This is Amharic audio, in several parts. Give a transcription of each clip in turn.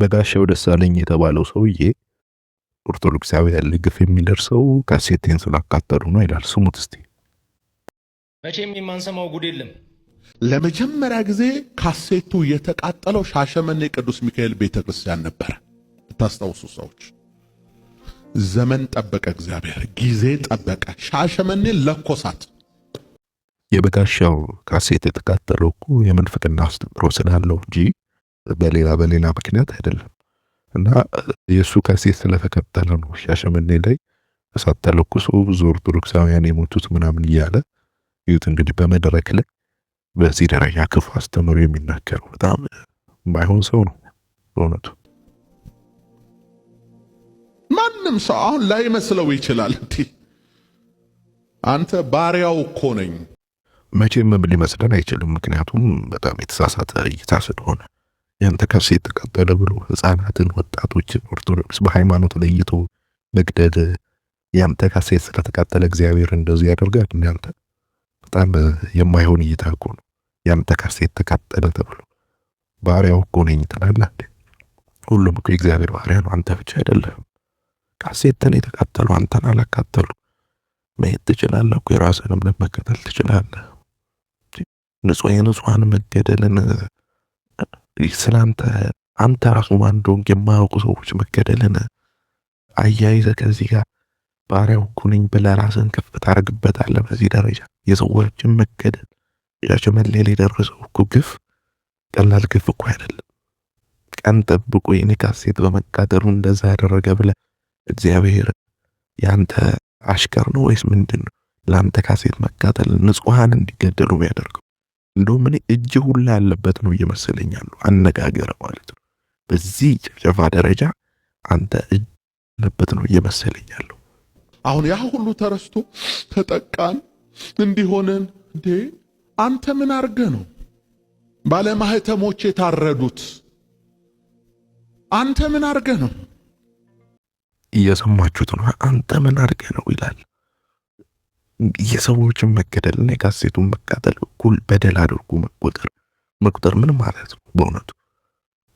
በጋሻው ደሳለኝ የተባለው ሰውዬ ኦርቶዶክሳውያን ላይ ግፍ የሚደርሰው ካሴቴን ስላካተሉ ነው ይላል። ስሙት እስቲ። መቼም የማንሰማው ጉድ የለም። ለመጀመሪያ ጊዜ ካሴቱ የተቃጠለው ሻሸመኔ ቅዱስ ሚካኤል ቤተክርስቲያን ነበረ። ብታስታውሱ ሰዎች፣ ዘመን ጠበቀ፣ እግዚአብሔር ጊዜ ጠበቀ፣ ሻሸመኔ ለኮሳት። የበጋሻው ካሴት የተቃጠለው እኮ የምንፍቅና አስተምሮ ስላለው እንጂ በሌላ በሌላ ምክንያት አይደለም እና የእሱ ከሴት ስለተከተለ ነው ሻሸመኔ ላይ እሳት ተለኩሶ ብዙ ኦርቶዶክሳውያን የሞቱት ምናምን እያለ ይሁት እንግዲህ በመድረክ ላይ በዚህ ደረጃ ክፉ አስተምሮ የሚናገረው በጣም ባይሆን ሰው ነው በእውነቱ። ማንም ሰው አሁን ላይመስለው ይችላል። ይችላል። አንተ ባሪያው እኮ ነኝ። መቼም ሊመስለን አይችልም፣ ምክንያቱም በጣም የተሳሳተ እይታ ስለሆነ ያንተ ከብሴ የተቃጠለ ብሎ ህፃናትን፣ ወጣቶችን ኦርቶዶክስ በሃይማኖት ለይቶ መግደል ያንተ ካሴት ስለተቃጠለ እግዚአብሔር እንደዚህ ያደርጋል። እንዳንተ በጣም የማይሆን እይታ እኮ ነው። ያንተ ካሴት ተቃጠለ ተብሎ ባሪያው እኮ ነኝ ትላለህ። ሁሉም እኮ የእግዚአብሔር ባሪያ ነው። አንተ ብቻ አይደለህም። ካሴትን የተቃጠሉ አንተን አላካተሉ። መሄድ ትችላለህ እኮ የራስህንም ለመከተል ትችላለህ። ንጹህ የንጹሐን መገደልን ስለ አንተ ራሱ ማን እንደሆንክ የማያውቁ ሰዎች መገደልን አያይዘ ከዚህ ጋር ባሪያው ኩንኝ ብለህ ራስህን ከፍ ታደርግበታለህ። በዚህ ደረጃ የሰዎችን መገደል ያቸው መለል የደረሰው እኮ ግፍ ቀላል ግፍ እኮ አይደለም። ቀን ጠብቆ የኔ ካሴት በመቃጠሉ እንደዛ ያደረገ ብለህ እግዚአብሔር ያንተ አሽከር ነው ወይስ ምንድን ነው? ለአንተ ካሴት መቃጠል ንጹሐን እንዲገደሉ ያደርገው እንደውም እኔ እጅ ሁላ ያለበት ነው እየመሰለኛሉ አነጋገር ማለት ነው። በዚህ ጭፍጨፋ ደረጃ አንተ እጅ ያለበት ነው እየመሰለኛሉ። አሁን ያ ሁሉ ተረስቶ ተጠቃን እንዲሆንን እንዴ አንተ ምን አርገ ነው ባለማህተሞች የታረዱት? አንተ ምን አርገ ነው? እየሰማችሁት ነው። አንተ ምን አርገ ነው ይላል። የሰዎችን መገደልና የካሴቱን መቃጠል እኩል በደል አድርጎ መቆጠር መቁጠር ምን ማለት ነው? በእውነቱ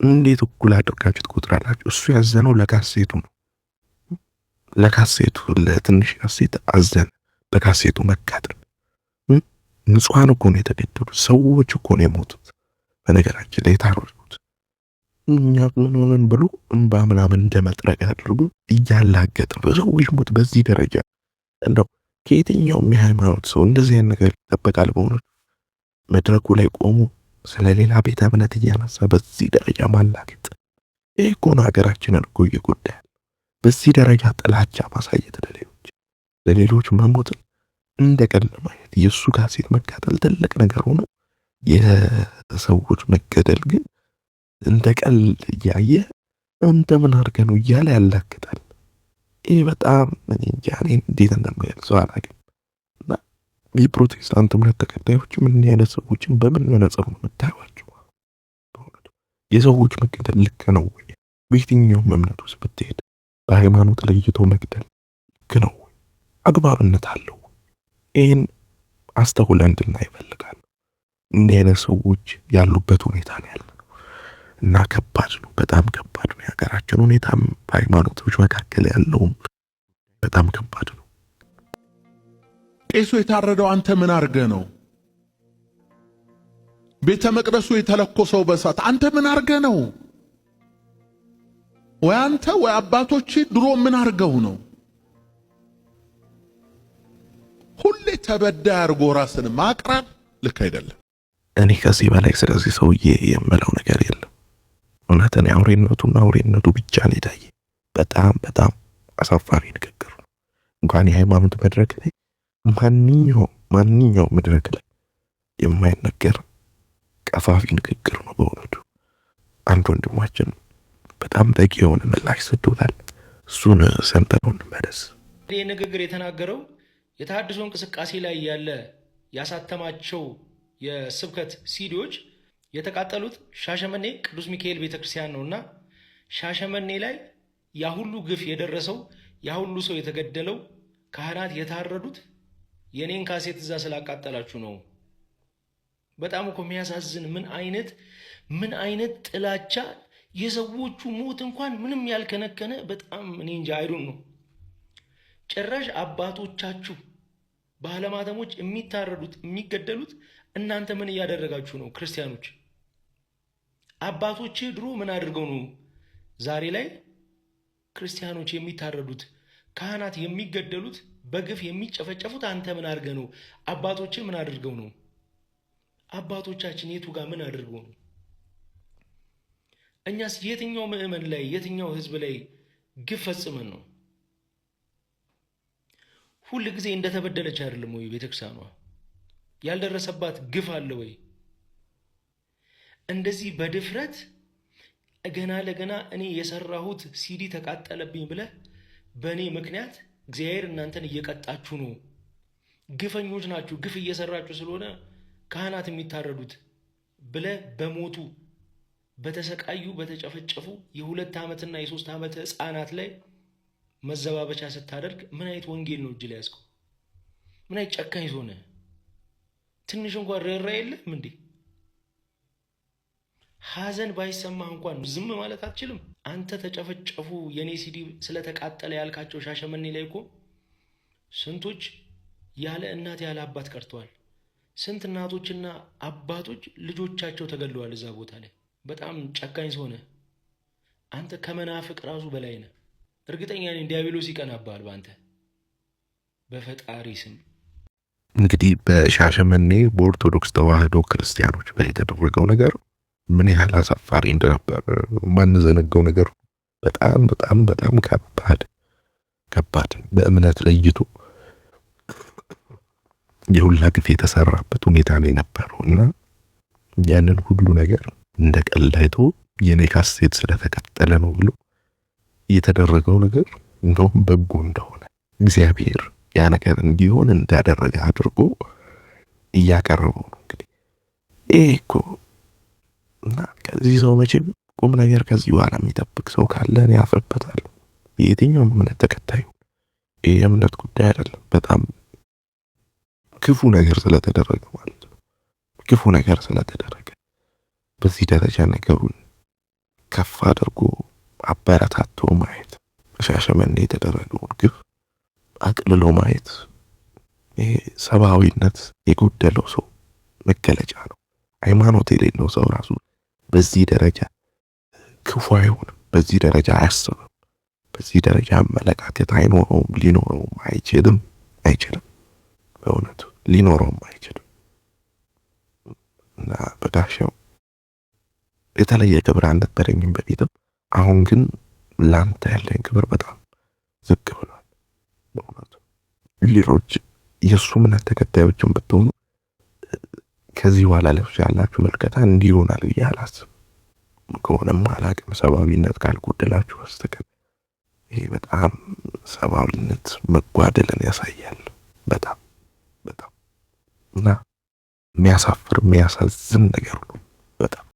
እንዴት እኩል አድርጋችሁ ትቆጥራላችሁ? እሱ ያዘነው ለካሴቱ ነው። ለካሴቱ ለትንሽ ካሴት አዘነ። በካሴቱ መቃጠል ንጹሐን እኮ ነው የተገደሉት። ሰዎች እኮ ነው የሞቱት። በነገራችን ላይ የታረዱት እኛ ምን ሆነን ብሎ እንባ ምናምን እንደመጥረቅ አድርጎ እያላገጠ በሰዎች ሞት በዚህ ደረጃ እንደው ከየትኛውም የሃይማኖት ሰው እንደዚህ አይነት ነገር ይጠበቃል። በሆኑ መድረኩ ላይ ቆሙ ስለ ሌላ ቤተ እምነት እያነሳ በዚህ ደረጃ ማላገጥ ይህ እኮ ነው ሀገራችንን እኮ እየጎዳ በዚህ ደረጃ ጥላቻ ማሳየት ለሌሎች ለሌሎች መሞትን እንደ ቀልድ ማየት የእሱ ጋር ሴት መቃጠል ትልቅ ነገር ሆኖ የሰዎች መገደል ግን እንደ እያየ አንተ ምን ነው እያለ ያላግጣል። ይህ በጣም እንዴት እንደምገልጸው አላውቅም። እና የፕሮቴስታንት እምነት ተከታዮች ምን አይነት ሰዎችን በምን መነጽር ነው የምታዩዋቸው? የሰዎች መገደል ልክ ነው ወይ? በየትኛውም እምነት ውስጥ ብትሄድ በሃይማኖት ለይቶ መግደል ልክ ነው ወይ? አግባብነት አለው? ይህን አስተውለን እንድናይ ይፈልጋል። እንዲህ አይነት ሰዎች ያሉበት ሁኔታ ነው እና ከባድ ነው፣ በጣም ከባድ ነው። የሀገራችን ሁኔታ በሃይማኖቶች መካከል ያለውም በጣም ከባድ ነው። ቄሱ የታረደው አንተ ምን አርገ ነው? ቤተ መቅደሱ የተለኮሰው በሳት አንተ ምን አርገ ነው? ወይ አንተ ወይ አባቶች ድሮ ምን አርገው ነው? ሁሌ ተበዳይ አርጎ ራስን ማቅረብ ልክ አይደለም። እኔ ከዚህ በላይ ስለዚህ ሰውዬ የምለው ነገር የለም። እውነትን አውሬነቱና አውሬነቱ ብቻ ነው የታየ። በጣም በጣም አሳፋሪ ንግግር ነው። እንኳን የሃይማኖት መድረክ ላይ ማንኛውም ማንኛው መድረክ ላይ የማይነገር ቀፋፊ ንግግር ነው በእውነቱ። አንድ ወንድማችን በጣም በቂ የሆነ ምላሽ ሰጥቶታል። እሱን ሰምተነው እንመለስ። ይህ ንግግር የተናገረው የተሃድሶ እንቅስቃሴ ላይ ያለ ያሳተማቸው የስብከት ሲዲዎች የተቃጠሉት ሻሸመኔ ቅዱስ ሚካኤል ቤተክርስቲያን ነው እና ሻሸመኔ ላይ ያሁሉ ግፍ የደረሰው ያሁሉ ሰው የተገደለው ካህናት የታረዱት የኔን ካሴት እዛ ስላቃጠላችሁ ነው። በጣም እኮ የሚያሳዝን ምን አይነት ምን አይነት ጥላቻ! የሰዎቹ ሞት እንኳን ምንም ያልከነከነ በጣም እኔ እንጂ አይዱን ነው። ጭራሽ አባቶቻችሁ ባለማተሞች የሚታረዱት የሚገደሉት እናንተ ምን እያደረጋችሁ ነው ክርስቲያኖች? አባቶች ድሮ ምን አድርገው ነው ዛሬ ላይ ክርስቲያኖች የሚታረዱት ካህናት የሚገደሉት በግፍ የሚጨፈጨፉት? አንተ ምን አድርገ ነው? አባቶች ምን አድርገው ነው? አባቶቻችን የቱ ጋር ምን አድርገው ነው? እኛስ የትኛው ምዕመን ላይ የትኛው ህዝብ ላይ ግፍ ፈጽመን ነው? ሁል ጊዜ እንደተበደለች አይደለም ወይ ቤተክርስቲያኗ? ያልደረሰባት ግፍ አለ ወይ? እንደዚህ በድፍረት ገና ለገና እኔ የሰራሁት ሲዲ ተቃጠለብኝ ብለህ በእኔ ምክንያት እግዚአብሔር እናንተን እየቀጣችሁ ነው፣ ግፈኞች ናችሁ፣ ግፍ እየሰራችሁ ስለሆነ ካህናት የሚታረዱት ብለህ በሞቱ በተሰቃዩ በተጨፈጨፉ የሁለት ዓመትና የሶስት ዓመት ህፃናት ላይ መዘባበቻ ስታደርግ ምን አይነት ወንጌል ነው እጅ ላይ ያዝከው? ምን አይነት ጨካኝ ሆነ? ትንሽ እንኳን ርኅራኄ የለም እንዴ? ሀዘን ባይሰማ እንኳን ዝም ማለት አትችልም። አንተ ተጨፈጨፉ የኔ ሲዲ ስለተቃጠለ ያልካቸው ሻሸመኔ ላይ እኮ ስንቶች ያለ እናት ያለ አባት ቀርተዋል። ስንት እናቶችና አባቶች ልጆቻቸው ተገለዋል እዛ ቦታ ላይ። በጣም ጨካኝ ሆነ አንተ ከመናፍቅ ራሱ በላይ ነህ። እርግጠኛ ነኝ ዲያብሎስ ይቀናብሃል በአንተ በፈጣሪ ስም። እንግዲህ በሻሸመኔ በኦርቶዶክስ ተዋህዶ ክርስቲያኖች የተደረገው ነገር ምን ያህል አሳፋሪ እንደነበር ማንዘነገው ነገር በጣም በጣም በጣም ከባድ ከባድ በእምነት ለይቶ የሁላ ግፍ የተሰራበት ሁኔታ ላይ ነበረው እና ያንን ሁሉ ነገር እንደ ቀልድ አይቶ የኔ ካሴት ስለተቀጠለ ነው ብሎ የተደረገው ነገር እንደውም በጎ እንደሆነ እግዚአብሔር ያ ነገር እንዲሆን እንዳደረገ አድርጎ እያቀረበው ነው። እንግዲህ ይህ እኮ እና ከዚህ ሰው መቼም ቁም ነገር ከዚህ በኋላ የሚጠብቅ ሰው ካለ እኔ አፍርበታለሁ። የትኛውም እምነት ተከታዩ ይህ የእምነት ጉዳይ አይደለም። በጣም ክፉ ነገር ስለተደረገ ማለት ነው። ክፉ ነገር ስለተደረገ በዚህ ደረጃ ነገሩን ከፍ አድርጎ አበረታቶ ማየት በሻሸመኔ የተደረገውን ግፍ አቅልሎ ማየት ይሄ ሰብአዊነት የጎደለው ሰው መገለጫ ነው። ሃይማኖት የሌለው ሰው ራሱ በዚህ ደረጃ ክፉ አይሆንም፣ በዚህ ደረጃ አያስብም፣ በዚህ ደረጃ አመለካከት አይኖረውም፣ ሊኖረውም አይችልም አይችልም፣ በእውነቱ ሊኖረውም አይችልም። እና በጋሻው የተለየ ክብር አልነበረኝም በፊትም፣ አሁን ግን ለአንተ ያለኝ ክብር በጣም ዝቅ ብሏል። በእውነቱ ሌሎች የእሱ እምነት ተከታዮችን ብትሆኑ ከዚህ በኋላ ለብሶ ያላችሁ ምልከታ እንዲህ ይሆናል ብዬ አላስብም። ከሆነም አላቅም ሰብአዊነት ካልጎደላችሁ በስተቀር ይሄ በጣም ሰብአዊነት መጓደልን ያሳያል። በጣም በጣም እና የሚያሳፍር የሚያሳዝን ነገር ነው በጣም